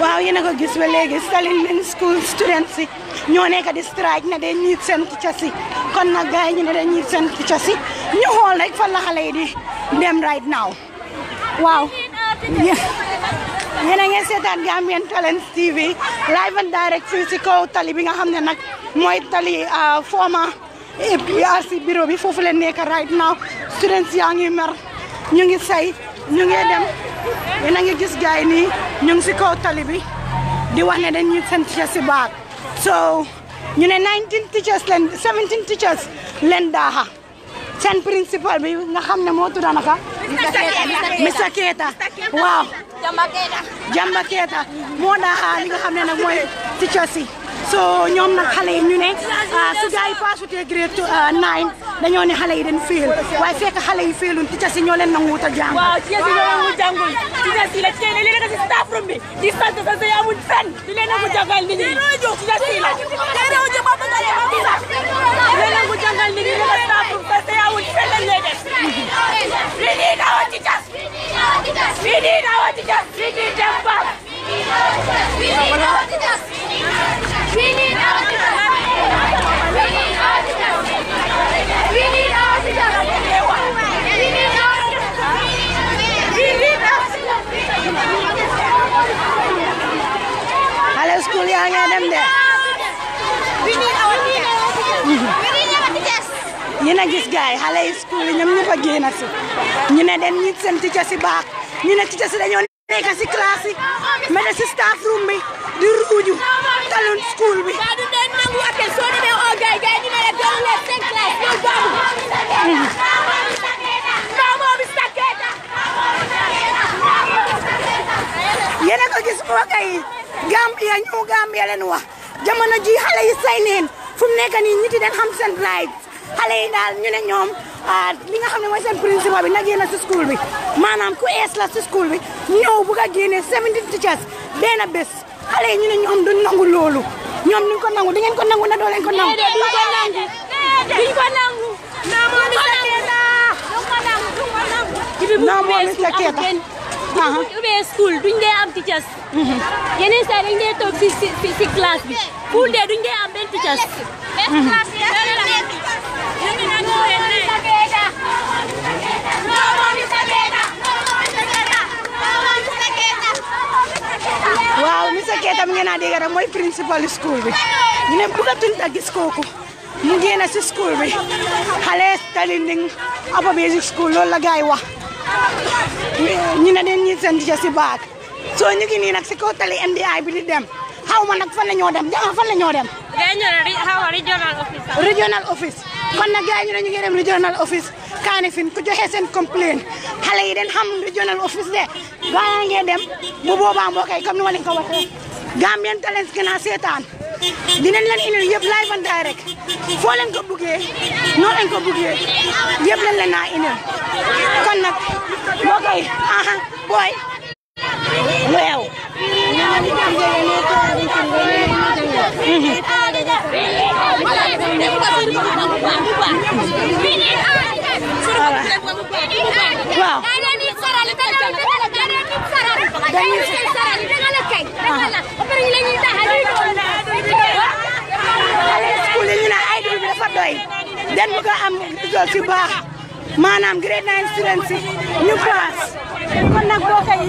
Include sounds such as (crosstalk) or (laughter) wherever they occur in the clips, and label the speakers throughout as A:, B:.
A: waaw yéen a ko gis ba léegi Saline Main school students yi ñoo nekk di strike ne dañ ñiit seen teachers yi kon nag gars ñi ñu ne dañ ñiit seen teachers yi ñu xool rek fan la xale yi di dem right now waaw yéen a ngi seetaan Gambian Talents TV live and direct fii si kaw tali bi nga xam ne nag mooy tali uh, former APRC bureau bi foofu leen nekk right now students yaa ngi mer ñu ngi say ñu ngi dem yéen a ngi gis gaay nii ñu si kaw tali bi di wax ne dañuy seen teachers si baag so ñu ne 19 teachers leen 17 teachers leen daaxa seen principal bi nga xam ne moo tudda naka Mr Keita waaw Jamba Keita moo daaxa li nga xam ne nag mooy teachers so ñom nak xalé ñu ne ah, su gaay yi té grade euh, nine dañu ne xalé yi dañ féel way fék xalé yi féelun ticca ci ñoo leen nangu ta jang waaw ci si ñoo nangu
B: jangul ci ci la ci li leen ci staff room bi di sant sa sa amul fen di leen nangu jàngal nit ñi ci ci la leen nangu jàngal nit ñi leen nangu jangal nit ñi ci staff room sa sa amul fen leen lay def lii nii daawoo ni ni nii daawoo ticca
A: gën a a ñu ne den ñi seen ticca si baax ñu ne ticca si dañoo nekk si classe yi mais de si staff room di ruuju talun school bi yéen a ko gis mbokk yi Gambia ñu leen wax jamono ji xale yi say neen fu mu nekk nii ñi ti den xam seen xale yi daal ñu ne ñoom ah, li nga xam ne mooy seen principal bi na génn si school bi maanaam ku ees la si school bi ñëw bu ko génnee 70 teachers benn bés xale yi ñu ne ñoom duñ nangu loolu ñoom duñ ko nangu dangeen ko nangu na doo leen ko nangu. duñ ko
B: nangu duñ ko nangu. non moom it la keeta uh-huh. bu ubbee school duñ dee am teachers. Mm-hmm. yeneen saa dañ dee toog si si si classe bi. pour dee duñ dee am benn teachers. Mm-hmm.
A: waaw monsieur Keita mi ngeen a dégg rek mooy principal school bi ñu ne bëggatuñ a gis kooku mu génn si school bi xale Talinding Upper Basic School lool la gars yi wax ñu ne den ñi seen teacher si baag soo ñu ngi nii si kaw tali NDI bi di dem xaw ma nag fan la ñoo dem jaa fan la ñoo dem.
C: gars yi ñu ne regional office. regional
A: office kon nag gars yi ñu ne ñu ngi dem regional office naa ne fin ku joxe seen complain xale yi den xam regional office de gaa ngeen dem bu boobaa mbokk yi comme ni ma leen ko waxee Gambian Talents gën a seetaan dinañ leen indil yëpp live and direct foo leen ko buggee noo leen ko buggee yëpp leen leen naa indil kon nag mbokk yi aha booy lu xew
B: Mm-hmm. waaw.
A: den bu ko am result si baax maanaam grade nine students si ñu paas kon nag boo koy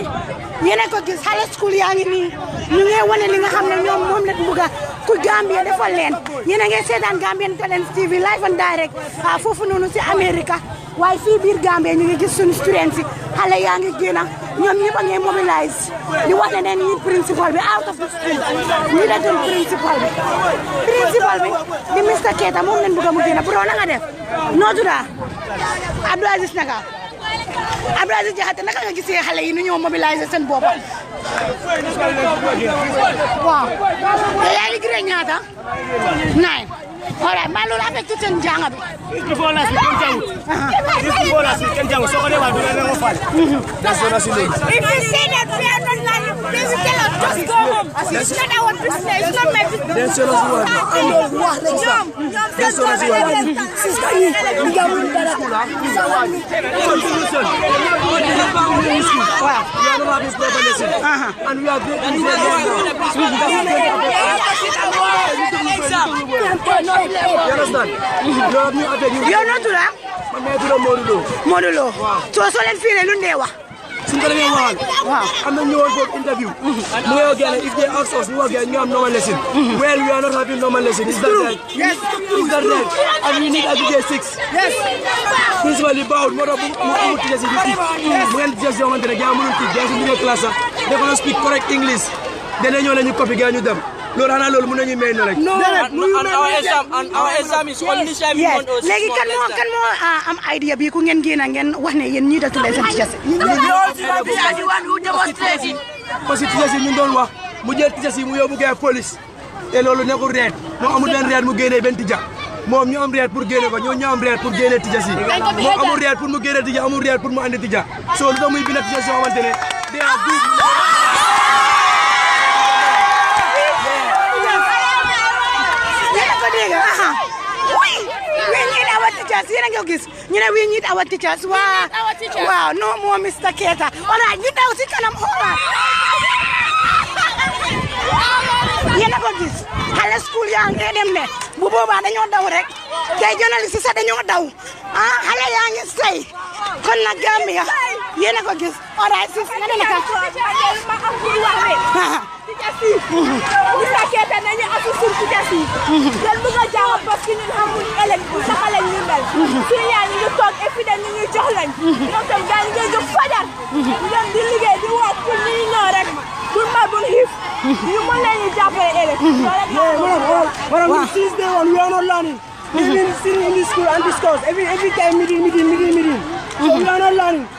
A: yéen ko gis xale school yaa ngi nii ñu ngi wane li nga xam ñoom moom lañ bëgg a ku Gambia defal leen ñene ngi seetaan Gambian Talents TV live and direct ah, foofu noonu si Amérique waaye fii biir Gambie ñu ngi gis suñu students yi yaa ngi génn ñoom ñëpp a ngi mobilise di wax ne neen ñi principal bi out of ñi la jël bi principal bi di Mr Keita moom lañ bëgg a mu génn bu nga def noo tudd Abdou Aziz naka Abdou Aziz Diakhaté naka nga gisee xale yi nu ñoo mobiliser seen bopp. waaw. te yaa ngi giree ñaata. nine. Ora malu la be tutun janga be. Ki bola si kan jangu. bola si
B: kan jangu soko de wa do na ngofal. so na si lo. If you say that we are not lying,
D: just go home. It's not our business, it's not my business. Den so na si wa. Ando wa le sa. Den so na si wa. Sister yi, ni ga
B: mun dara. Isa wa. Solution. Wa. We are
C: not this global lesson. And we are great. And we are great.
B: We are great. yow noo tudd
A: ah. man maa ngi tudd Modou Lo. Modou Lo soo soo leen fiiree lu ñu dee wax. suñu ko defee waxal. waaw am na ñëwoon foofu interview. mu ngi wax gànnaay if they mu wax gànnaay ñu am normal lesson. well we are not having normal lesson. is that we need aggregate six. yes. principal yi baaxul moo tax mu amul tijjasi di kii. mu ngeen tijjasi yoo xamante ne gars mënul kii gars yi
E: ñu ngi classe sax dafa doon speak correct English. danañ ñëw ne ñu copy gars ñu dem. loolu xanaa loolu mën nañu may na rek. non non our exam and our exam is only seven months moo kan
A: moo ah, am idea bi ku ngeen génn ngeen wax ne yéen ñii dafa lay seen teachers.
C: parce que doon wax mu jël teachers yi mu yóbbu gars police te loolu
E: nekkul reet moo amul benn reet mu génnee benn tija moom ñu am reet pour génne ko ñoo ñu am reet pour génne tija moom amul reet pour mu génne tija amul reet pour mu andi tija soo lu muy bind tija soo xamante ne
A: teachers yéen a ngi gis ñu ne we need a teachers waaw waaw no more Mr Keita all right daw si kanam xoolal yéen a ko gis xale school yaa ngi dem ne bu dañoo daw rek tey journaliste sax dañoo daw ah xale yaa ngi say kon nag Gambia yéen a ko gis all right sis nga ne naka (laughs) Koutiassi. ñu fekkente ne ñu asu
B: suuf Koutiassi. loolu bëgg a bu sax lañ ñu mel. yaay ngi toog et puis dañ ñu jox lañ. ñoom tam daal ñu ngi jóg di liggéey di woo pour ñu rek pour ma bul xiif. ñu mën leen ñu jàppale ëllëg. loolu la six
A: day one we are not learning. We've been sitting in this school and discuss every every time meeting meeting meeting meeting. So we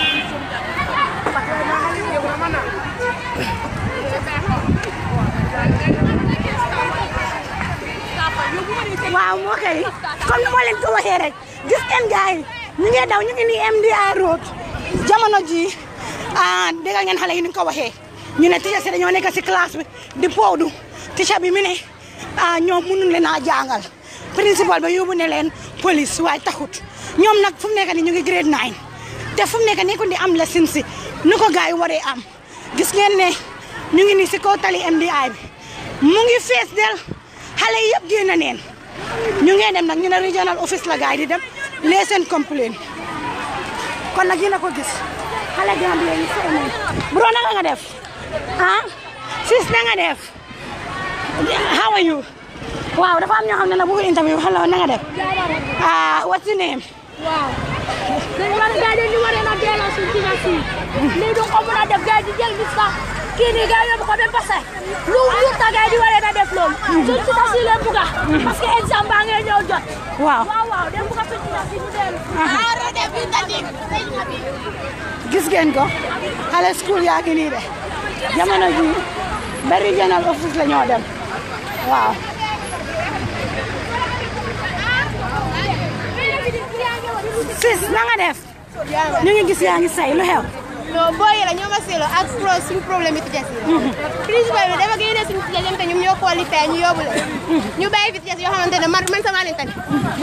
A: waaw moo koy kon moo leen ko waxee rek gis ngeen gars ñu ngi daw ñu ngi nii MDA road jamono ji ah dégg ngeen xale yi ni ko waxee ñu ne teacher si dañoo nekk si classe bi di powdu teacher bi mi ne ah ñoom mënuñ leen a jàngal principal ba yóbbu ne leen police waaye taxut ñoom nag fu mu nekk ñu ngi grade 9 te fu mu nekk nii ku di am lesson si nu ko gars yi waree am gis ngeen ne ñu ngi ni si kaw tali MDI bi mu ngi fees del xale yi yëpp ñu ngeen dem nag ñu ne regional office la gaay di dem lee seen complain kon nag yi a ko gis xale Gambie yi seen bro naka nga def ah sis na nga def how a you waaw dafa am ñoo xam ne nag bëgg interview hello na nga def ah what's your name
B: waaw kini nii gars yi yóbbu même parce que lu lu tagay di waree na def loolu. suñ si tasi leen bugga.
A: parce que exam baa ngay ñëw jot. waaw waaw dem fi gis ngeen ko school de jamono ji office la ñoo dem waaw. sis na nga def ñu ngi gis say lu xew.
C: non booy yi ñoo ma seelo ak pro suñu problème yi tijjasi la principal bi dafa génne suñu tijjasi te ñoom ñoo qualifié ñu yóbbu ñu bàyyi fi tijjasi yoo xamante ne man man sama leen tamit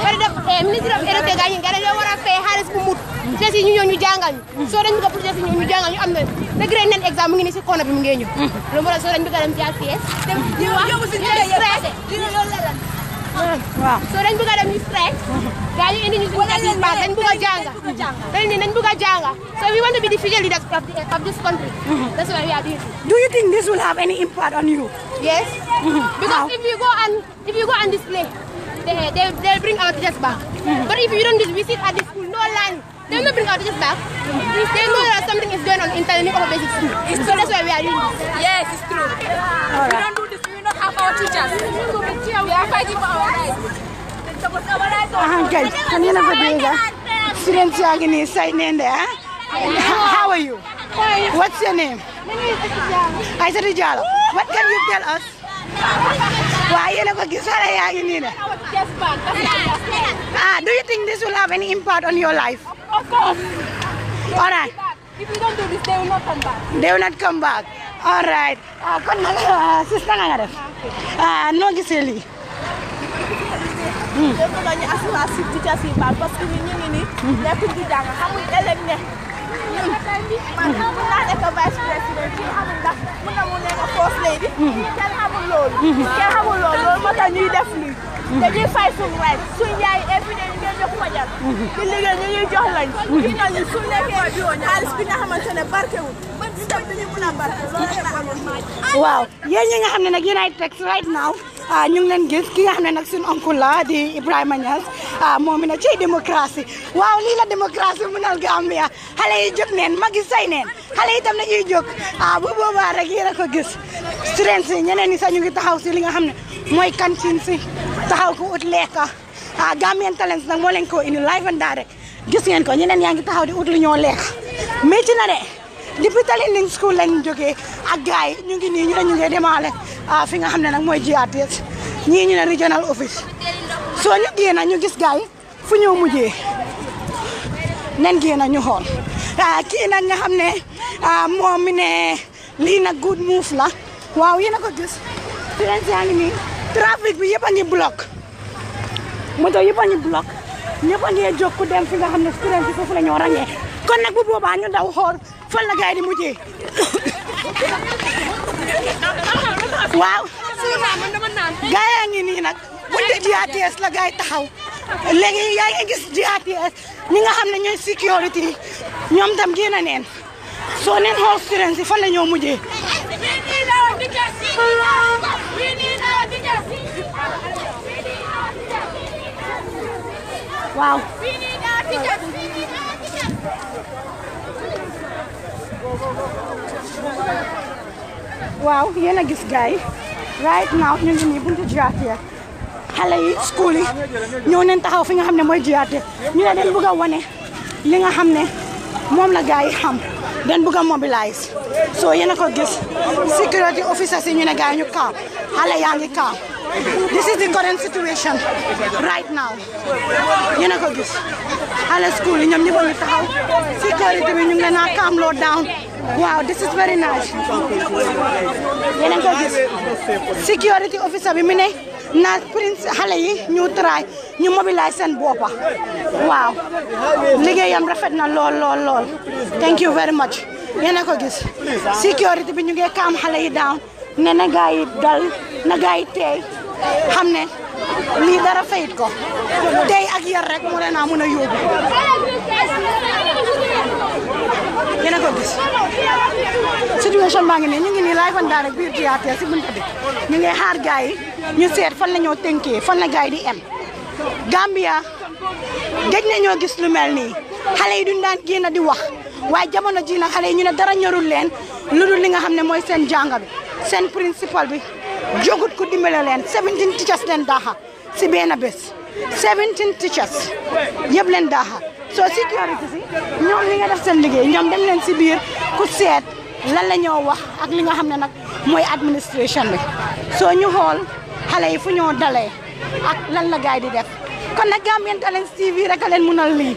C: bari def eh, ministre of RT ga ñu gara war a fay xaalis bu mut tijjasi ñu ñëw ñu jàngal ñu soo dañ bi ko pour tijjasi ñu ñu jàngal ñu am na degré nen examen mu ngi ni si koona bi mu ngi ñëw loolu moo tax soo dañ bi ko dem jàpp pièce So then, dañ bëgg a dem ñu strike daañu indi ñu suñu kat baat dañ bëgg a jànga dañ ne dañ bëgg so we want to be the future leaders of, the, of this country that's why we are doing
A: do you think this will have any impact on you
C: yes (laughs) because if you go and if you go and display they they they bring our teachers back but if you don't visit at the school no land they will bring our teachers back they know that something is going on in Teleniko basic school so that's why we are doing yes it's true we don't do this have our teachers. We are
B: guys, can you never believe
A: that? Students are going to How are you? What's your name? I said Rijalo. What can you tell us? Why you never get Sarah Yaginina? Ah, do you think this will have any impact on your life? Of course. All right. If we don't do this, they will not come back. They will not come back. all right ah, kon nag ah, sista nga def ah, noo gisee lii.
C: lépp la ñu assurance si teachers yi baal parce que ñun ñu ngi nii. Hmm. nekkuñ di jàng xamuñ ëllëg ne. ñun hmm. man xamul hmm. naa nekk vice président fii xamul
B: ndax mun na mu nekk first lady. kenn xamul loolu. kenn xamul loolu loolu moo tax ñuy def
C: lii. dañuy fay suñu waay suñu yaay every day ñu ngi jox wajal. di liggéey ñu ñuy jox lañ.
B: ñu ne ñun suñu nekkee xaalis bi nga xamante ne barkewul.
A: waaw yéen ñi nga xam ne nag yéen ay text right now ah, ñu ngi leen gis ki nga xam ne nag suñu oncle la di Ibrahima ah, moom mi na ci démocratie waaw lii la démocratie mënal Gambia xale yi jóg neen mag yi say neen xale yi itam nañuy jóg ah, bu boobaa rek yéen a ko gis students yi ñeneen ñi sax ñu ngi taxaw si li nga xam ne mooy cantine si taxaw ko ut lekka Gambian Talents nag moo leen ko indi live and direct gis ngeen ko ñeneen yaa ngi taxaw di ut lu ñoo lekk métti na de depuis Talinding school lañ joggé ak gaay ñu ngi ni ñu ne ngi démalé ah fi nga xamné nak moy mooy ñi ñu ne regional office So ñu na ñu gis gaay fu ñew mujjé nen na ñu ah ki nak nga xamné ah mom mi li lii good move la waaw yi a ko gis train yaa ngi nii bi yëpp ngi block moto yëpp ngi block ñëpp ngi jóg ku dem fi nga xamné student yi fofu la ñoo kon nak bu boba ñu daw xor fan la gaay di mujjé
B: waaw gaay yaa ngi
A: ni nak bu de GATS la gaay taxaw léegi yaa ngi gis GATS ñi nga xam ñoy security ñom yi ñoom tam génn neen soo neen xool students yi fan la ñoo mujjee waaw Wow, yun na guy. Right now, yun yun buntu jiyaat ya. Xale yi school yi ñëw nañ taxaw fi nga xam ne mooy jiyaat ñu ne dañ bëgg a wane li nga xam ne la gars xam dañ bëgg mobilize. so yéen a ko gis security officers yi ñu ne gars yi ñu kaam xale yaa ngi kaam this is the current situation right now yéen a ko gis
B: xale school yi ñoom ñëpp a taxaw
A: security bi ñu ngi leen a kaam down waaw this is very nice yéen ko gis security officer bi mi ne na prince xale yi ñu try ñu mobilize seen boppa waaw liggéeyam rafet na lool lool lool thank you very much yéen ko gis security bi ñu ngi kaam xale yi down ne na gaa dal na gaa teey xam ne lii dara fayit ko tey ak yar rek mu leen a mën a ngeen a baa ngi ne ñu ngi nii laay fan daara biir théâtre ñu ngi xaar gars yi ñu seet fan la ñoo tënkee fan la gars yi di em Gambia géej na ñoo gis lu ni nii xale yi duñ daan di wax waaye jamono ji na xale yi ñu ne dara ñorul leen lu dul li nga xam ne mooy seen jàng bi seen principal bi jogut ko dimbale leen 17 teachers leen daaxa si benn bés 17 teachers yëpp leen daaxa soo sécurité si ñoom ñi nga def seen liggéey ñoom dem leen si biir ku seet lan la ñoo wax ak li nga xam ne nag mooy administration bi soo ñu xool xale yi fu ñoo dalee ak lan la gaay di def kon nag Gambian Talents TV rek a leen munal lii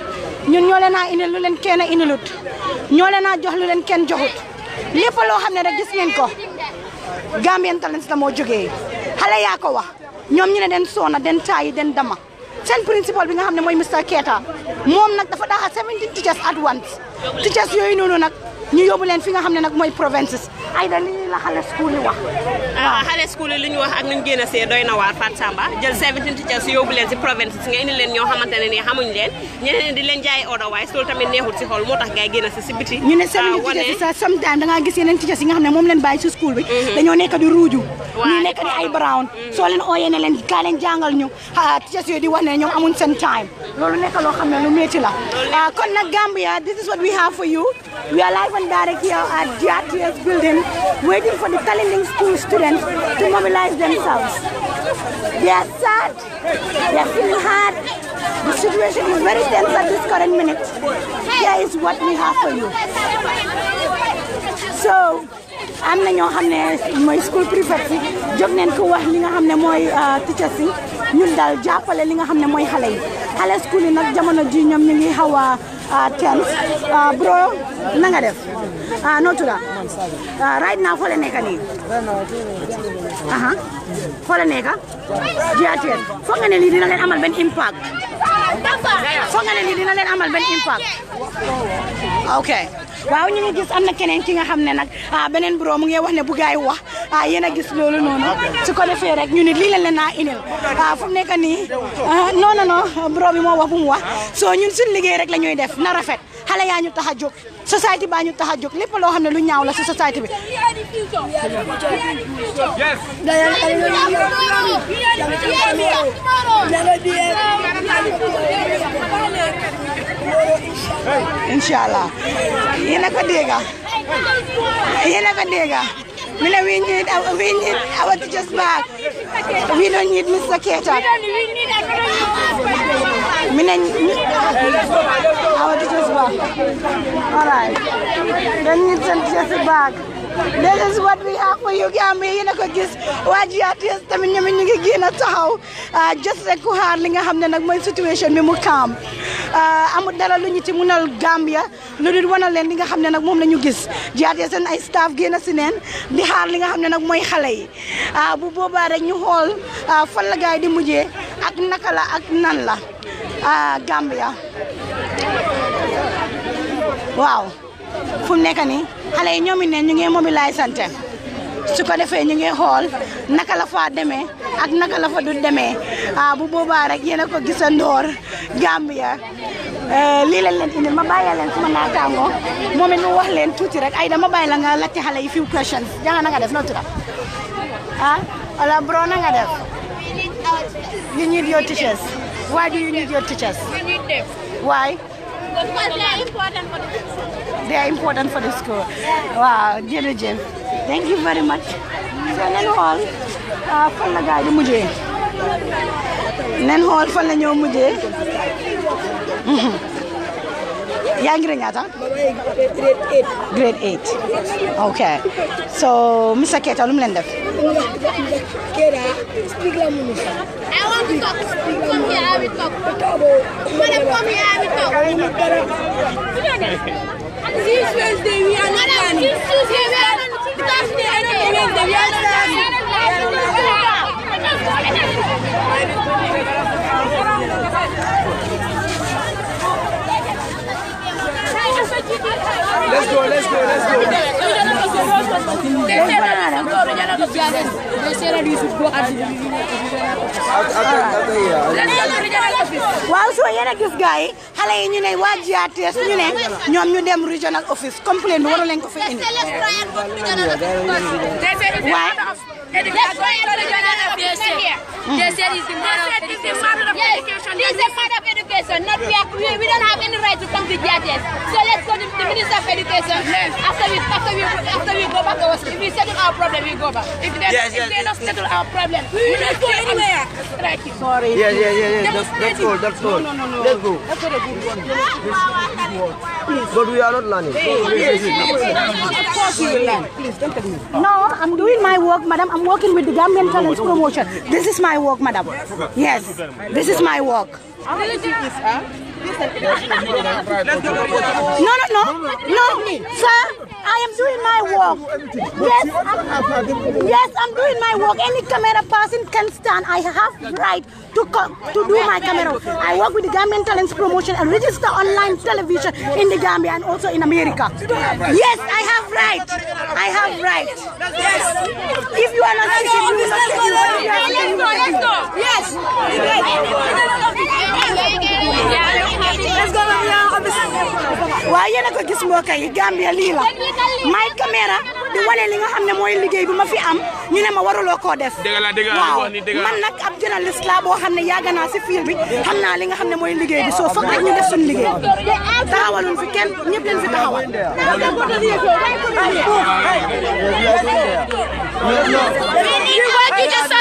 A: ñun ñoo leen a indil lu leen kenn indilut ñoo leen a jox lu leen kenn joxut lépp loo xam ne rek gis ngeen ko Gambian Talents la moo jógee xale yaa ko wax ñoom ñu ne den soona den taayi den dama seen principal bi nga xam ne mooy Mr Keita moom nag dafa daaxa 17 teachers at once teachers yooyu noonu nag ñu yóbbu leen fi nga xam ne nag mooy provinces Aïda li ñuy la xale school yi wax.
D: waaw ah, xale school yi li wax ak nañ génn see doy na waar Fatou Samba jël 17 teachers yóbbu leen si province si nga indi leen ñoo xamante ne nii leen ñeneen di leen jaay order waaye loolu tamit neexul si xol moo tax gars yi si si biti. ñu ne ah, teachers sa
A: sometime da ngaa gis yeneen teachers yi nga moom leen bàyyi si school bi. Mhm. dañoo nekk di ruuju. waaw ñu di ay brown. Mhm. soo leen ooyee leen kaa waiting for the Kalining school students to mobilize themselves. They are sad, they are feeling hard. The situation is very tense at this current minute. Here is what we have for you. So, am na ñoo xam ne mooy school privé si jóg neen ko wax li nga xam ne mooy euh, teachers si ñun daal jàppale li nga xam ne mooy xale yi xale school yi nag jamono ji ñoom ñu ngi xaw a euh, tense euh, bro na nga def noo tudda right now foo la nekk nii aha foo la nekk jiateen foog nga ne lii dina leen amal benn impact foog nga ne lii dina leen amal benn impact waaw ñu ngi gis am na keneen ki nga xam ne nag ah, beneen bureau mu ngi wax ne bu gaay wax ah, yéen a gis loolu noonu su ko defee rek ñu ne lii lañ leen a indil ah, fu mu nekk nii non non non bureau moo wax bu mu wax soo ñun suñu liggéey rek la ñuy def na rafet. xale yaa ñu tax a jóg société baa ñu tax a jóg lépp loo xam ne lu ñaaw la si société bi. incha allah yéen ko dégg yéen ko dégg We don't need, we need our teachers back. We don't need Mr. Cater. We don't, we need, I don't need our teachers back. All right. Don't need some teachers back. this is what we have for you Gambia yéen a ko gis waa GRTS tamit ñoom ñu ngi génn taxaw ah, just rek ku xaar li nga xam ne nag mooy situation bi mu kaam ah, amul dara lu ñu ci munal Gambia lu dul wanal leen li nga xam ne nag moom la ñu gis GRTS seen ay staff génn si neen di xaar li nga xam ne nag mooy xale yi ah, bu boobaa rek ñu xool fan la gaay di mujjee ak naka la ak nan la Gambia waaw fu mu nekk nii xale yi ñoom ne ñu ngi mobiliser sante su ko defee ñu ngi xool naka la fa demee ak naka la fa du demee ah bu boobaa rek yéen ko gis a ndoor Gambia eh, lii lañ leen indi ma bàyyi leen suma naataango moom wax leen tuuti rek ay dama bàyyi la nga laajte xale yi few questions janga nanga def noo tudd ah wala bro nanga def you need your teachers why do you need your they are important for the school. They are important for the school. thank you very much. so nen xool uh, fan la gaay di mujjee. nen xool fan la ñoo yang Grade 8. Grade 8. Okay. So, Mr. Keta, what do
C: Keta, speak I want to talk. Come here, I will talk. come here, I will talk. This Wednesday, we are not planning.
B: no,
A: waaw soo yéen a gis gars yi xale yi ñu ne waa GRTS ñu ne ñoom ñu dem regional office complaint bi leen ko fa indi
B: waaye education.
C: Not we, are, we, we don't have any right to come to GRTS. So let's go to the Minister of Education. After we, after we, after we go back to us, if we settle problem, we go back. If they,
B: yes, yes, not settle our
C: problem,
A: we will not go anywhere.
C: Strike it.
B: Sorry.
D: Yeah, yeah, yeah, yeah. That's, that's all, that's all. No, no, no, no. Let's
B: go. That's what a good one.
D: Please. But we are not learning. Please. Please. Of course we will learn.
A: Please, don't tell me. No, I'm doing my work, madam. I'm working with the Gambian Talents Promotion. This is my work, madam. Yes. This is my work.
B: How much is this, huh? No, no, no,
A: no, sir. I am doing my work. Yes, I'm, yes, I'm doing my work. Any camera person can stand. I have right to come to do my camera. I work with the Gambian Talents Promotion and register online television in the Gambia and also in America. Yes, I have right. I have right. Yes. If you are not sitting, you will not get you. Yes. waaw yéen a gis mbokk yi Gambia lii la may caméra di wane li nga xam ne mooy liggéey bi ma fi am ñu ne ma waruloo koo def waaw man nag ab journaliste laa boo xam ne yàgg naa si fiir bi xam naa li nga xam ne mooy liggéey bi soo foog rek ñu def suñu liggéey taxawaluñ fi kenn ñëpp fi taxawal You want to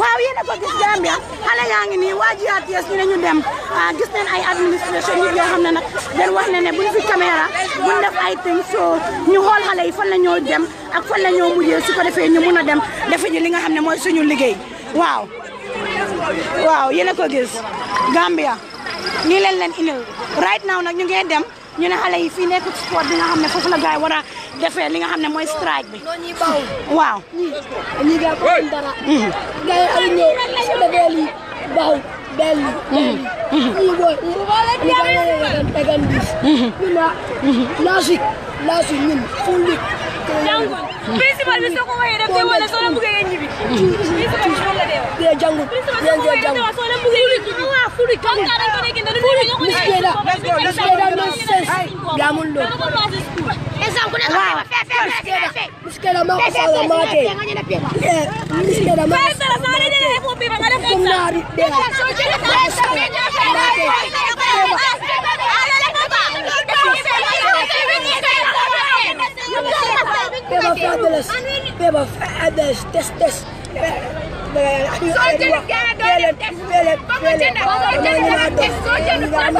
A: waaw yéen a ko gis Gambia xale yaa ngi nii waa GRTS ñu ne ñu dem ah, gis neen ay administration yi nga xam ne nag den wax ne ne buñ fi caméra buñ def ay thing so ñu xool xale yi fan la ñoo dem ak fan la ñoo mujjee su ko defee ñu mun a dem defe ji li nga xam ne mooy suñu liggéey waaw waaw yéen ko gis Gambia nii len leen indil na now nag ñu ngee dem ñu ne xale yi fii nekk sport bi nga xam ne foofu la gars yi war a defee li nga xam ne mooy strike bi. ñooñu bawul. waaw ñii ñii gars
B: dara. gars yi amuñu ñëw su defee
A: lii bawul benn. ñii
C: booy ñii boo leen ñun ah. principal bi soko waye def te wala so la bëgg nga
B: ñibi principal bi wala dewa de
C: jangu de jangu jangu so la bëgg nga
B: ñibi wa furi kan ka dañ ko dégg ndax E mwen a fè adeles, e
C: mwen a fè adeles, test test Soljèl fè adeles test E mwen a do, e mwen a do, e mwen a do E mwen a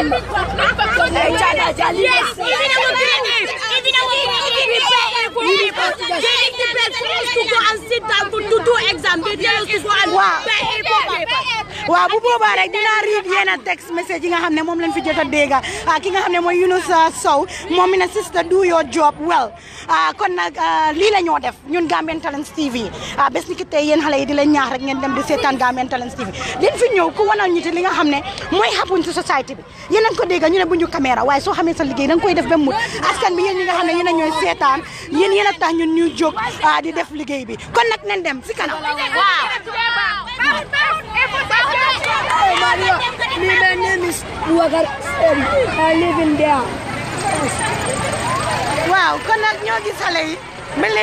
B: do, e mwen a do
A: waaw bu boobaa rek dinaa read yéen a text message yi nga xam ne moom lañ fi jot a dégg ah, ki nga xam ne mooy Yunus ah, Sow moom mi na sister do your job well ah, kon nag lii la ñoo def ñun Gambian Talents TV bés ni ki tey yéen xale yi di leen ñaax rek ngeen dem di seetaan Gambian Talents TV din fi ñëw ku wanal ñu li nga xam ne mooy happen ci society bi yéen a ko dégg ñu ne bu ñu caméra waaye soo xamee sa liggéey da koy def ba mu askan bi yéen ne yéen a ñooy seetaan yéen yéen a tax ñun ñu jóg di def liggéey bi kon nag nañ dem si kanam
B: waaw Hey, oh, Maria,
C: me, my name is
A: Buwagar. Um, I live in there. waaw kon nag ñoo gis xale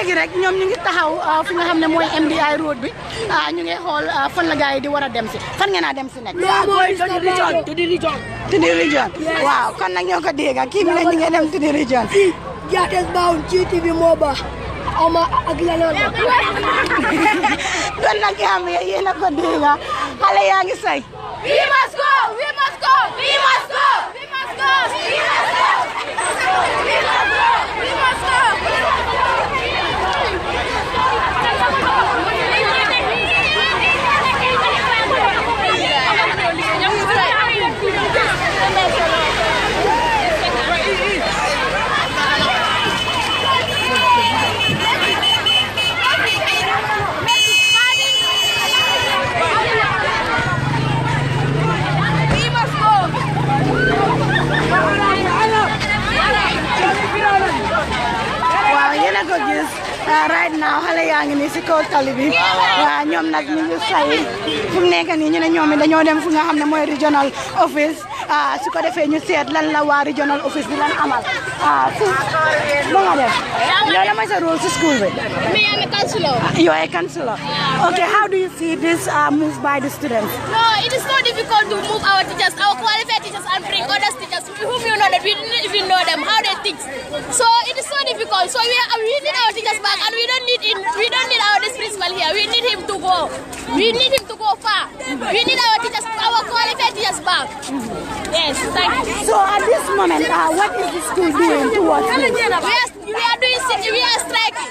A: yi rek ñoom ñu gi taxaw ah, fi nga xam ne mooy MDI road bi ah, ñu nge xool ah, fan la yi di war a dem si fan ngeen naa dem si nag. waaw mooy Tuddi region Tuddi region. Tuddi region waaw kon nag ñoo ko dégg kii bi nag ñu ngi dem Tuddi region. jaate baaxul jiitu bi moo baax. और मैं अगला गन्ना के हमें ये ना कर देगा हाले We must
B: go! We must go! We must go! We must go! We must go! We must go! We must go!
A: waaw right now xale yaa ngi nii si kaw tali bi ñoom nag ñu ngi say fu mu nii ñu ne ñoom dañoo dem fu nga xam ne mooy regional office ah, su ko defee ñu seet lan la waa regional office di lan amal Ah, so, you're school with? Me, I'm
C: a counselor. You're a
A: counselor. Okay, how do you see this uh, move by the students?
C: No, it is not difficult to move our teachers, our qualified teachers, and bring other teachers whom you know that we didn't even know them, how they think. So it is so difficult. So we, are, we need our teachers back, and we don't need in, we don't need our this principal here. We need him to go. We need him to go far. We need our teachers, our Yes. Thank you. So at this moment, uh, what is the
B: school doing towards this? We are, we
C: are doing we are striking.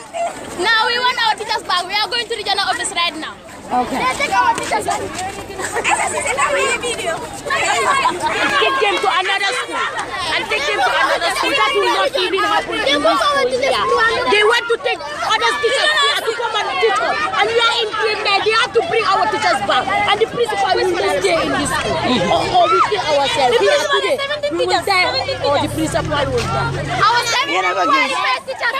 C: Now we want our teachers back. We are going to the general office right now. Okay. Let's take our teachers back.
B: Take them to another school and take them to another school. That will not even happen in this school. Yeah. They want to take other teachers here to teachers and we are in they have to bring our teachers back and the principal will stay in this school mm. or, or we kill ourselves. We are today, we will die or the principal will die. Our 17 teachers,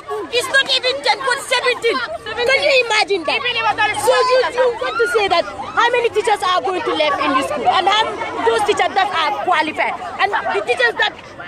B: 17. It's not even 10, but 17. Can you imagine that? So you, you want to say that how many teachers are going to left in this school and how those teachers that are qualified and the teachers that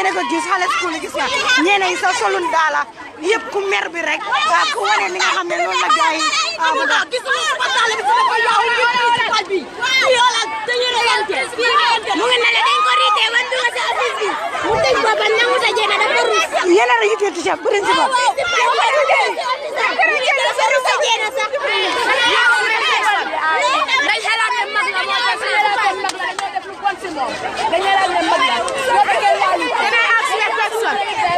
A: yéen a ko gis xale school gis nga ñeena yi sax solun daala yëpp ku mer bi rek ku wane li nga xam ne loolu la gars yi
B: mu ngi mel ne dañ ko riitee wan du nga si affiche bi mu tëj booba nangu
A: ta jeena dafa ruus yéen a la yitteel teacher principal dañ
B: xalaat ne mag la moo tax Can I ask you
C: a question?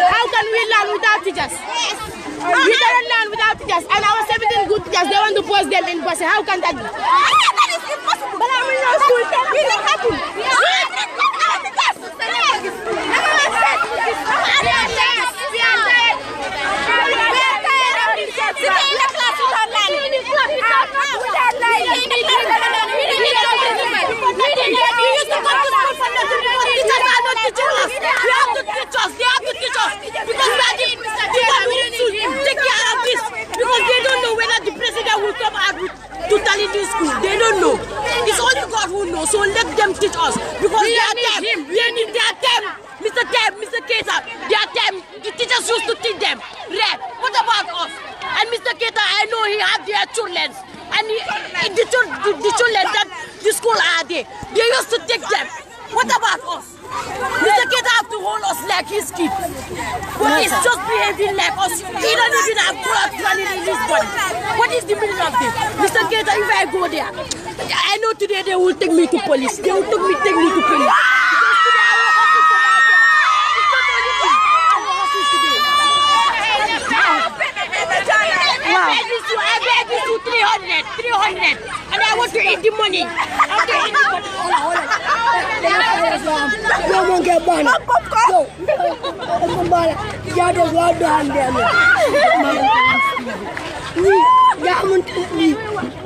C: How can we learn without teachers?
B: We cannot
C: learn without teachers. And our 17 good teachers, they want to post them in person. How can that be? That is impossible. But I'm in no school. It can happen.
B: We didn't get don't teach us. You have to teach us. They have to teach us. Because we are the people we need to take care of this. Because they don't know whether the president will come out with totally new school. They don't know. It's only God who knows. So let them teach us. Because we are them. They need their time. Mr. Tem, Mr. They are them. The teachers used to teach them. Right. What about us? And Mr. Keta, I know he had their children. And he, he, the, the, the children that the school are there, they used to take them. What about us? Mr. Keita have to hold us like his kid. But he's just behaving like us. He don't even have actually in his body. What is the meaning of this? Mr. Keita, if I go there, I know today they will take me to police. They will take me, take me to police. Ah! now. beg I beg 300, 300. And I want to eat the money. I want to eat the money. Hold on, hold on. No one get money. No. Y'all don't want to hand them.
A: Ni, y'all want to eat.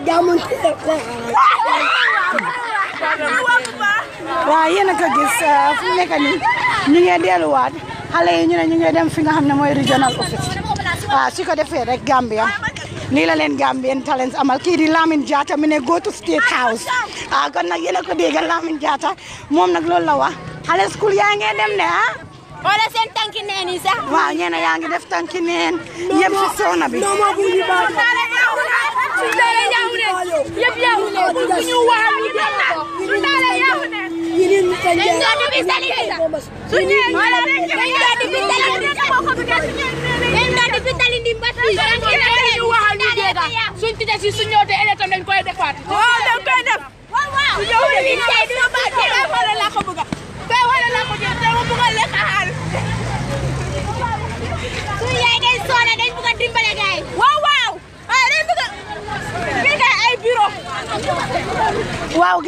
A: Y'all want to eat. Waaw yéen a ko gis fu mu regional office waaw su ko defee rek Gambia nii la leen Gambian Talents amal kii di Lamin Jatta mi ne go to State House ah kon nag yéen a ko dégg Lamin Jatta moom nag loolu la wax xale school yaa ngi dem ne ah. wala seen tanki neen yi waaw ñenn yaa def tanki neen. yëpp si soona bi. yëpp yaa ngi ne bu ñu waxal
C: ñu def ko su daale yaa ngi ne. dañ doon dugg sali bi sax. su ñëwee ñu dañ doon dugg sali bi sax. Wow, ndi mbatri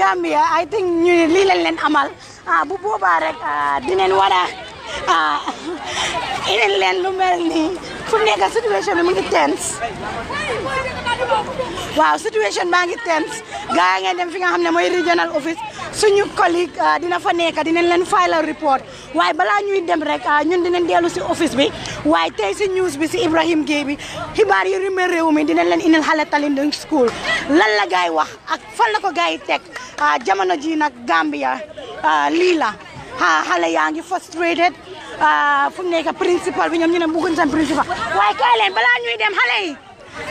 A: gambia i think ñu li len amal ah bu boba rek ah, dinañ wara Even ah. land lumelni. From nega situation mangi tense. Wow, situation mangi tense. Gaay ngeen dem fi nga xamne moy regional office suñu collègue ah, dina fa nekk dinañ leen file report waaye balaa ñuy dem rek ñun ah, dinañ dellu si office bi waaye tey si news bi si Ibrahim Gueye bi xibaar yi rumé réew mi dinañ leen indil xale Talinding School lan la gaay wax ak fan la ko gaay yi jamono ji nag Gambia Lila. xale yaa ngi frustrated ah, fu mu nekk principal bi ñoom ñu ne bëgguñ seen principal waaye kaay leen ñuy dem xale yi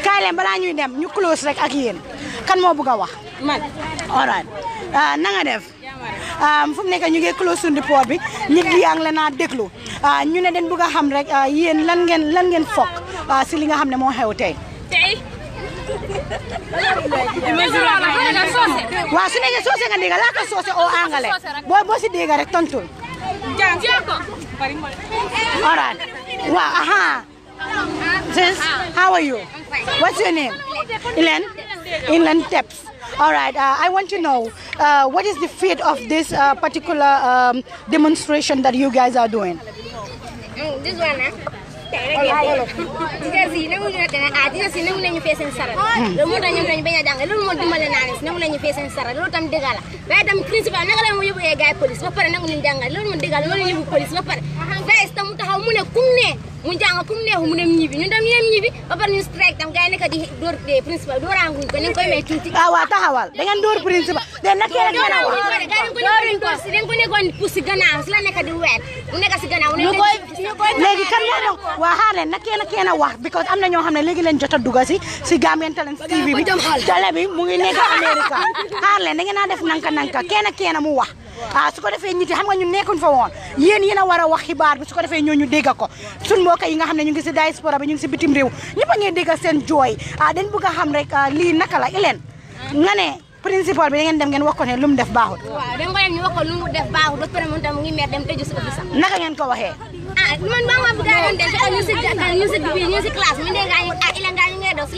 A: kaay leen ñuy dem ñu close rek ak yéen kan moo bëgg a wax. man all right ah, na def. Ah, fu mu nekk ñu ngi close sundi report bi nit yaa ngi leen a déglu ñu ne dem bëgg a xam rek yéen lan ngeen lan ngeen fokk si li nga xam ne moo xew tey. waaw su nekkee soose nga dégg laa ko soose au anglais boo boo si dégg rek all right Wow. aha sis how are you what's your name Ilan Ilan Teps all right uh, I want to know uh, what is the fate of this uh, particular um, demonstration that you guys are doing.
E: this one jigéen si nangu ñu nekk ne ah jigéen si nangu nañu fee seen saral loolu moo tax ñoom dañu bañ a jàng loolu moo dimbale naa leen si nangu nañu fee seen saral loolu tam dëgg la waaye tam principal naka la mu yóbbu ay gars police ba pare nangu nañu jàngal loolu moo dëgg la loolu yóbbu police ba pare gars tam mu taxaw mu ne kum ne mu jàng ku mu neexu mu dem ñibbi ñu dem yéen ñibbi ba pare ñu di principal dóoraanguñ ko ni nga
A: principal. de nag kii a wax dóoruñ ko
E: di weer mu koy léegi kan moo doon waa
A: xaar leen nag am na ñoo xam ne léegi leen jot a dugg si si Gambian Talents TV bi télé bi mu ngi nekk a def nanka nanka kenn kenn mu wax a ah, su ko defee ñit yi xam nga ñu nekkuñ fa woon yéen yéen a war a wax xibaar bi su ko defee ñoo ñu dégg ko suñ mbokk yi nga xam ne ñu ngi si diaspora bi ñu ngi si bitim réew ñëpp a ngee dégg seen jooy ah dañ bëgg a rek ah, lii naka la ileen nga ne principal bi da ngeen dem ngeen wax ko ne mu def ñu
E: def baaxul ba pare moom tam mu ngi mer dem tëju si office am naka ngeen ko waxee ah man maa a all right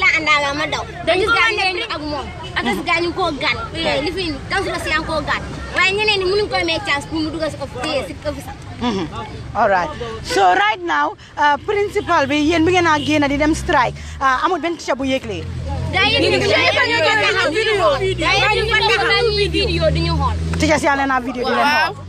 A: so right now uh, principal we are bi ngeen a génn uh, di dem strike I'm going to yëgle. daa yéen ñu vidéo di you xool. teacher you yaa leen a vidéo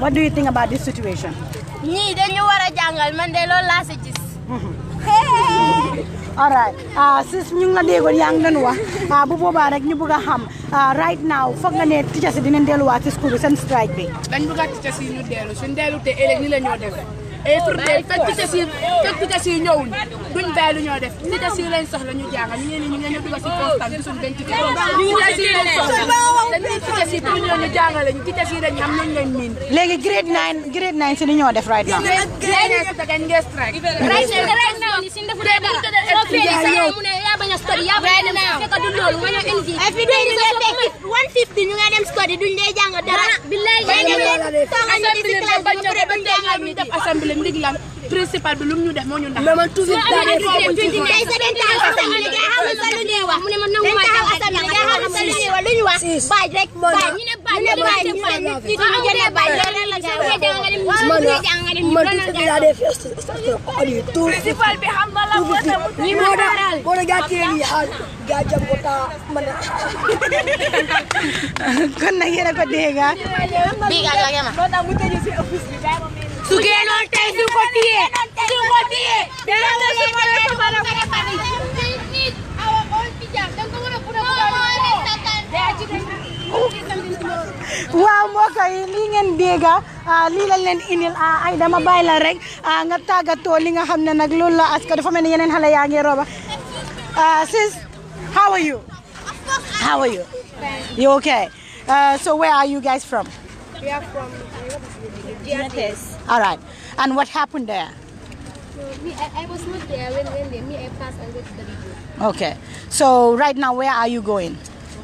A: ma do you ba about this ñii dañu war a jàngal man de
E: loolu laa si gis.
A: (laughs) all right ah, sis ñu ngi la déggoon yaa ngi leen wax ah, bu boobaa rek ñu bëgg a xam ah, right now foog nga ne teachers yi dinañ delluwaat si school bi seen strike bi.
C: dañ bëgg a teachers yi ñu dellu suñu dellu te ëllëg ni la ñoo infirmière eh, fekk tasi fekk tasi ñëwuñ duñ bàyyi lu ñoo def ni tasi lañ soxla ñu jàngal ñeen ñu ngeen dugal ci constant gisul benn ci ñu tasi lañ soxla dañu tasi pour ñoo ñu jàngal ñu ci tasi
A: lañ xam nañ lañ min léegi grade 9 grade 9 ci li ñoo def right now grade
C: 9 da ngeen ngeen strike right now right now ci ndefu dé da so fini sa mu ne ya baña study ya baña dem
E: fekk du lool nga ñoo indi ay fi day nga
C: fekk 150 ñu nga dem study duñ lay jàng dara ah, billahi ñu ngi taxaw ci class ba ñu def assemblée le mi digi la principal bi lum ñu def moo ñu ndax man toujours da def ko ci ci tay sa den taw sa ni ga xam sa lu ne wax mu ne man nangu taw sa ni ga xam sa lu ne wax lu ñu wax baaj rek baaj ñu ne baaj ñu baaj ñu baaj ñu ne baaj loolu la sa way jàng nga dem ñu jàng nga dem
A: man ali tout principal bi xam ko sa ñi ma daral bo da gàcce li ha
C: gàccam ko ta man
A: kon nag yéen a ko dégg ah
B: bii gaa gaa
C: ma
A: ಸುಗೇನು ಅಂತ ಹೆಸರು ಕೊಟ್ಟಿಯೇ
B: ಹೆಸರು ಕೊಟ್ಟಿಯೇ
A: waaw mbokk yi lii ngeen dégg lii lañ leen indil ay dama bàyyi la rek nga tàggatoo li nga xam ne nag loolu la askan dafa mel ni yeneen xale yaa ngi roba sis how are you how are you you okay uh, so where are you guys from
C: we are from Giates all
A: right. And what happened there?
C: me, I, I, was not there when, when they, me, I passed and to
A: the Okay. So right now, where are you going?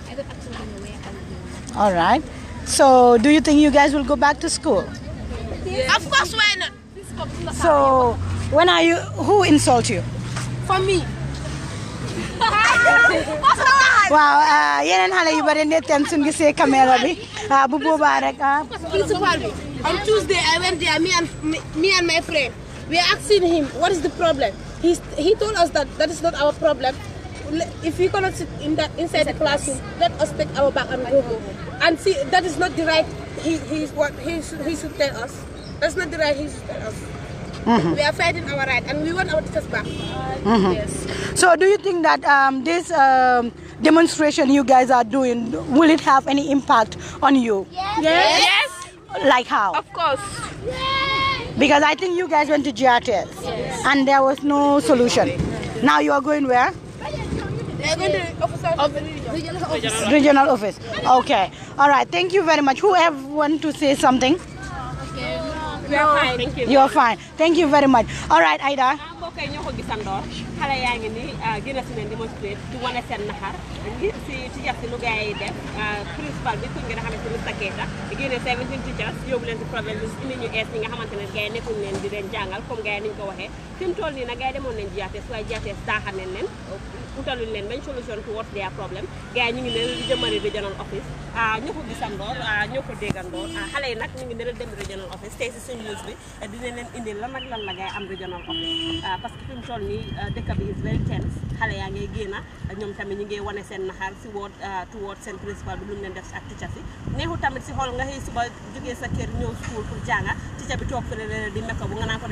C: I don't actually know where
A: I'm going. All right. So do you think you guys will go back to school?
C: Yes. Of course, when. So
A: when are you? Who insult you?
C: For me. (laughs) Wow,
A: uh, yeneen xale yu bari ne ten caméra bi (laughs) ah, bu boobaa rek
C: ah. On Tuesday, I went there, me and, me and my friend. We are asking him, what is the problem? He he told us that that is not our problem. If you cannot sit in that, inside the classroom, let us take our bag and go home. And see, that is not the right he, he what he should, he should tell us. That's not the right he should tell us. Mm -hmm. We are fighting our right and we want our teachers back. Uh, mm -hmm. Yes.
A: So do you think that um, this um, demonstration you guys are doing, will it have any impact on you? Yes. yes.
C: yes. Like how? Of course. Because I
A: think you guys went to GRTS yes. and there was no solution. Now you are going where?
C: They are going to office of regional office. Regional office.
A: Okay. All right. Thank you very much. Who have want to say something?
D: Okay. No. We are fine. Thank you. You are fine.
A: Thank you very much. All right, Ida.
D: xale yaa ngi nii ah, gën a si leen démonstré di wane seen naxar ngir si teachers si lu gars yi def ah, principal bi kuñ gën a xamee si Mr Keita di génne teachers yóbbu leen si problème bi nga xamante ne gars yi nekkuñ leen di leen jàngal comme gaa yi niñ ko waxee fi mu toll nii nag gars yi demoon nañ jiyaatees waaye jiyaatees daaxal nañ leen utaluñ leen benn solution towards their problem gars yi ñu ngi ne jëmale regional office ah, ñoo ko gisandoor ah, ñoo ko déggandoor ah, xale yi nag ñu ngi ne dem regional office parce que fi toll nii dëkk bi is very xale yaa ngay génn ñoom tamit ñu ngi wane seen naxaar si woot towards seen principal bi lu mu leen def si ak ticca si neexu tamit si xool nga xëy suba jógee sa kër ñëw school pour jànga ticca bi toog fële di mekko bu nga naa ko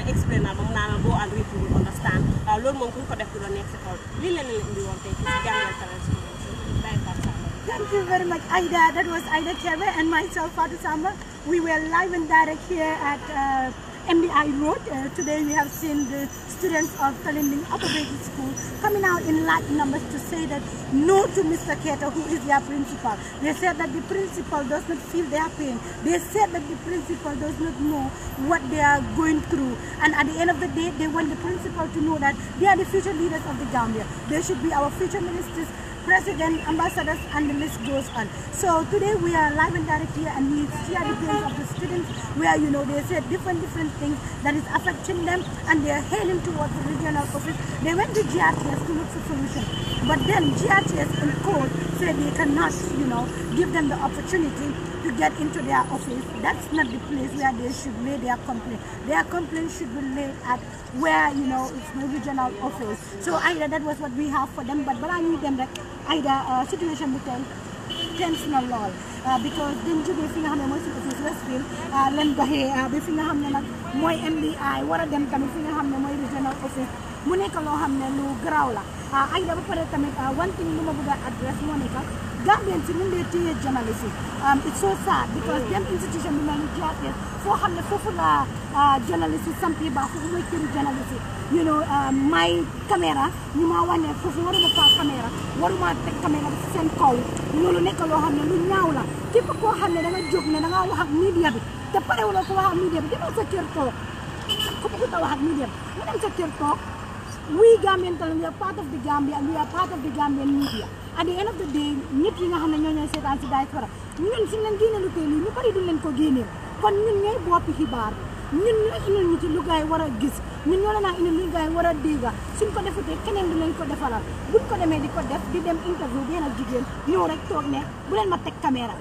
D: def du Thank
A: you very much, Aida. That was Aida Kebe and myself, Father Samba. We were live and direct here at uh, MBI Road. Uh, today we have seen the students of Kalinding Upper Grade School coming out in large numbers to say that no to Mr. Keter, who is their principal. They said that the principal does not feel their pain. They said that the principal does not know what they are going through. And at the end of the day, they want the principal to know that they are the future leaders of the Gambia. They should be our future ministers president, ambassadors, and the list goes on. So today we are live and direct here and we hear the pains of the students where, you know, they said different, different things that is affecting them and they are hailing towards the regional office. They went to GRTS to look for solutions. But then GRTS in court said they cannot, you know, give them the opportunity get into their office. That's not the place where they should lay their complaint. Their complaint should be laid at where, you know, it's the regional office. So either that was what we have for them, but but I need them that either uh, situation became tense na law because then you may find xam ne mooy suñu office Westfield uh, leen doxee ba uh, fi nga xam more nag mooy MBI war a them coming? fi nga xam regional office mu nekk loo have no lu garaaw I ay da ba one thing you ma address Gambians yi ñu ngi lay journalist yi it's so because dem institution bi mel ni GRTS foo xam ne foofu la uh, journalist yi sampi baax foofu mooy këru journalist yi know may um, caméra ñu ma wane foofu waruma waruma teg caméra bi seen kaw loolu nekk loo xam ne lu ñaaw la képp koo xam ne da nga jóg ne da nga wax ak media bi te parewuloo ko wax ak media bi demal sa kër toog ku bëggut a wax ak media bi mu dem sa kër toog we Gambian talent we are part of the Gambia media at the end of the day ñëpp yi nga xam ne ñoo ñooy seetaan si diaspora ñun suñ leen génne lu tey ñu bëri duñ leen ko génneel kon ñun ñooy boppi xibaar ñun ñoo indil ñu ci lu gaay war gis ñun ñoo leen a indil lu gaay war a suñ ko defutee keneen du leen ko defaral buñ ko demee di def di dem interview benn jigéen ñëw rek toog ne bu leen ma teg caméra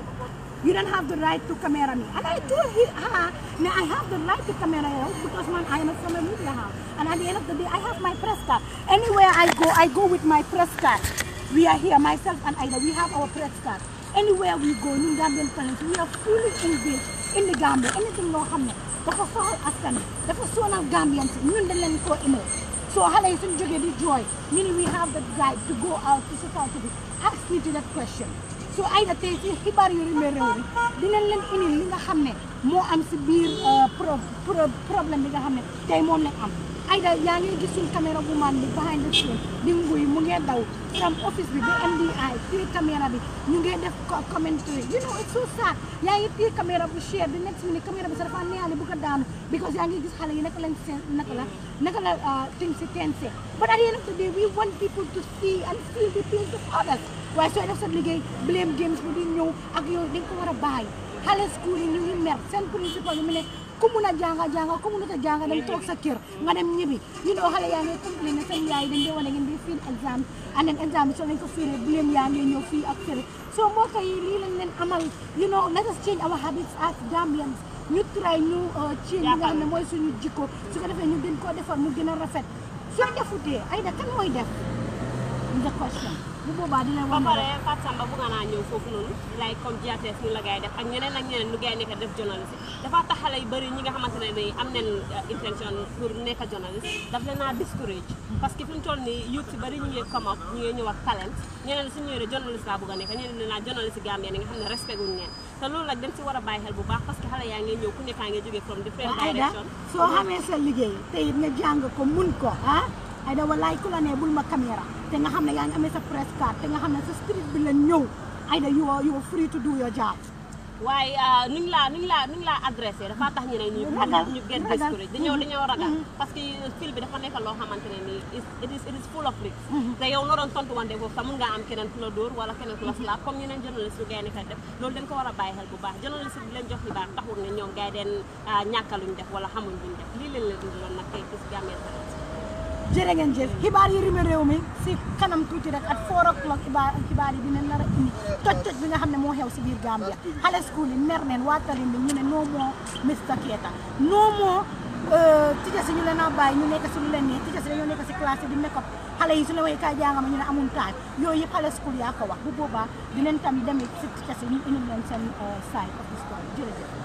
A: you don't have the right to camera me. And I told her, now I have the right to camera you because man, I am from a media house. And at the end of the day, I have my press card. Anywhere I go, I go with my press card. We are here, myself and Ida, we have our press card. Anywhere we go, New Gambian friends, we are fully engaged in the Gambia. Anything loo xam ne dafa soxal askan dafa sonal Gambians ñun dañ leen koo So xale yi suñ jógee di jooy ñu we have the right to go out to society bi ask me to that question. so Ida, na tey ci xibaar yu réew mi dinañ leen indil li nga xam ne moo am si biir euh, problème bi nga xam am Ida, da yaa ngi gis suñ caméra bu maan bi behind the scene di nguy mu from office with the NDI, three camera bi, ñu ngay def commentary. You know, it's so sad. Yaa ngi three camera bu share, the next minute camera bi sa dafa neexale bu ko daanu because yaa ngi gis xale yi naka lañ seen naka la naka la uh, things si tense. But at the end of the day, we want people to see and feel the feelings of others. Why so def sa liggéey blame games bu di agi ak yow dañ ko war a bàyyi. school yi ñu ngi mer sen principal yu mu ku na a jànga jànga ku munut a dem toog sa kër nga dem ñibbi ñu doo xale yaa ngi complain ne seen yaay dañ dee wane ngeen di fiil exam and then exam bi soo leen ko fiilee blame yaa ngi ñëw fii ak fële soo mbokk yi lii lañ leen amal you know let us change our habits as Gambians ñu try ñu uh, change li nga xam ne mooy suñu jikko su ko defee ñu gën koo defar mu gën a rafet soo defutee ay da kan mooy def the question bu boobaa dina ba pare
D: Fatou Samba bëgg naa ñëw foofu noonu lay comme GTS ñu la gay def ak ñeneen ak ñeneen ñu gay nekk def journaliste dafa tax xale yu bëri ñi nga xamante ni am nañ euh, intention pour nekk journaliste daf leen a discourage parce que fi mu toll nii youth si bëri ñu ngi come up ñu ngi ñëw ak talent ñeneen suñu ñëwee journaliste laa bëgg a nekk ñeneen ne naa journaliste Gambie ni nga xam ne respect wuñ leen te loolu nag dañ si war a bàyyi xel bu baax
A: liggéey te it nga jàng ko mun ko ah Aida walaay ku te nga xamne ne amé sa press card te nga xamne sa street bi la ñëw ayda you are you are free to do your job
D: way uh, nuñ la nuñ la nuñ la adresser ya, dafa tax ñu né ñu ragal ñu get discourage dañoo dañoo ragal mm-hmm. parce que fil bi dafa nekk lo xamantene ni it is it is full of risk da mm-hmm. yow no doon tontu wante bo sax nga am kenen ku la dóor wala kenen ku la slap comme ñeneen journalist yu gayni nekk def loolu dañ ko wara a xel bu baax journalist bi leen jox li baax taxul ne ñoom gay den ah, ñàkkaluñ def wala xamuñ buñ def li leen la dund dundiloon nak tey gis gàmmee
A: jërë ngeen jëf xibaar yi rime réew mi si kanam tuuti rek at four o'clock xibaar yi dina nar a indi toj toj bi nga xam ne moo xew si biir Gambia xale school yi mer neen waa talim bi ñu ne no moo Mr Keita no moo euh, teachers yi ñu leen a bàyyi ñu nekk lu leen ne teachers yi ñoo nekk si classe yi di nekk xale yi a la waxee ne amul taal yooyu yëpp xale school yaa ko wax bu boobaa dinañ tam demee si teachers yi ñu indil euh, side of the story jërëjëf